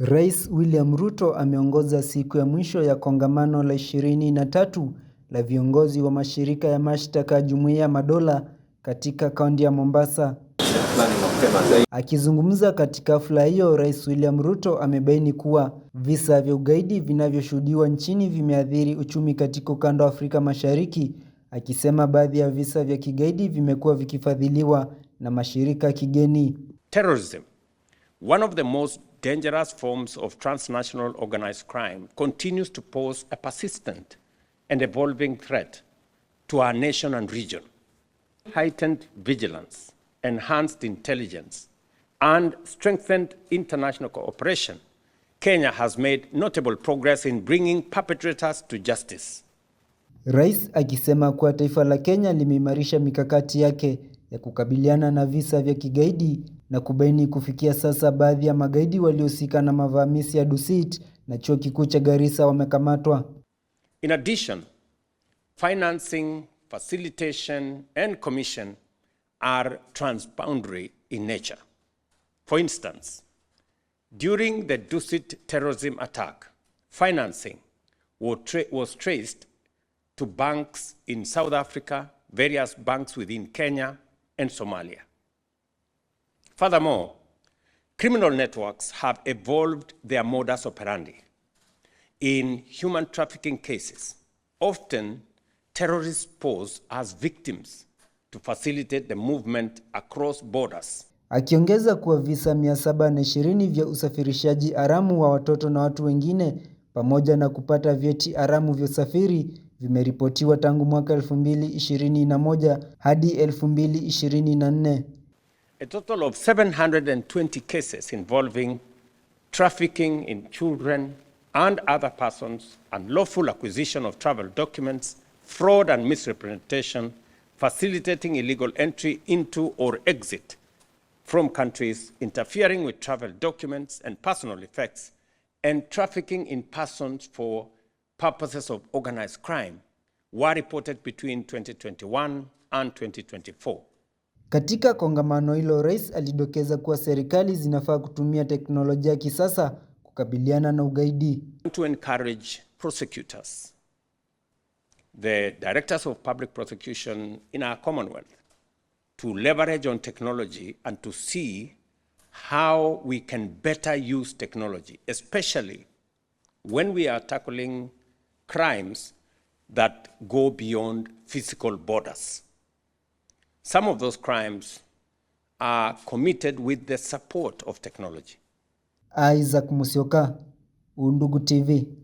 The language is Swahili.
Rais William Ruto ameongoza siku ya mwisho ya kongamano la ishirini na tatu la viongozi wa mashirika ya mashtaka ya Jumuiya ya Madola katika kaunti ya Mombasa. Akizungumza katika hafla hiyo, Rais William Ruto amebaini kuwa visa vya ugaidi vinavyoshuhudiwa nchini vimeathiri uchumi katika ukanda wa Afrika Mashariki, akisema baadhi ya visa vya kigaidi vimekuwa vikifadhiliwa na mashirika kigeni. Terrorism, one of the most dangerous forms of transnational organized crime continues to pose a persistent and evolving threat to our nation and region. Heightened vigilance, enhanced intelligence, and strengthened international cooperation, Kenya has made notable progress in bringing perpetrators to justice. Rais akisema kuwa taifa la Kenya limeimarisha mikakati yake ya kukabiliana na visa vya kigaidi na kubaini kufikia sasa baadhi ya magaidi waliohusika na mavamizi ya Dusit na chuo kikuu cha Garissa wamekamatwa. In addition, financing, facilitation and commission are transboundary in nature. For instance, during the Dusit terrorism attack, financing was traced to banks in South Africa, various banks within Kenya, and Somalia. Furthermore, criminal networks have evolved their modus operandi. In human trafficking cases, often terrorists pose as victims to facilitate the movement across borders. Akiongeza kuwa visa 720 vya usafirishaji haramu wa watoto na watu wengine pamoja na kupata vyeti haramu vya usafiri vimeripotiwa tangu mwaka 2021 hadi 2024. A total of 720 cases involving trafficking in children and other persons, unlawful acquisition of travel documents, fraud and misrepresentation, facilitating illegal entry into or exit from countries, interfering with travel documents and personal effects, and trafficking in persons for purposes of organized crime were reported between 2021 and 2024. Katika kongamano hilo, rais alidokeza kuwa serikali zinafaa kutumia teknolojia ya kisasa kukabiliana na ugaidi. To encourage prosecutors, the directors of public prosecution in our Commonwealth to leverage on technology and to see how we can better use technology, especially when we are tackling crimes that go beyond physical borders. Some of those crimes are committed with the support of technology. Isaac Musioka, Undugu TV.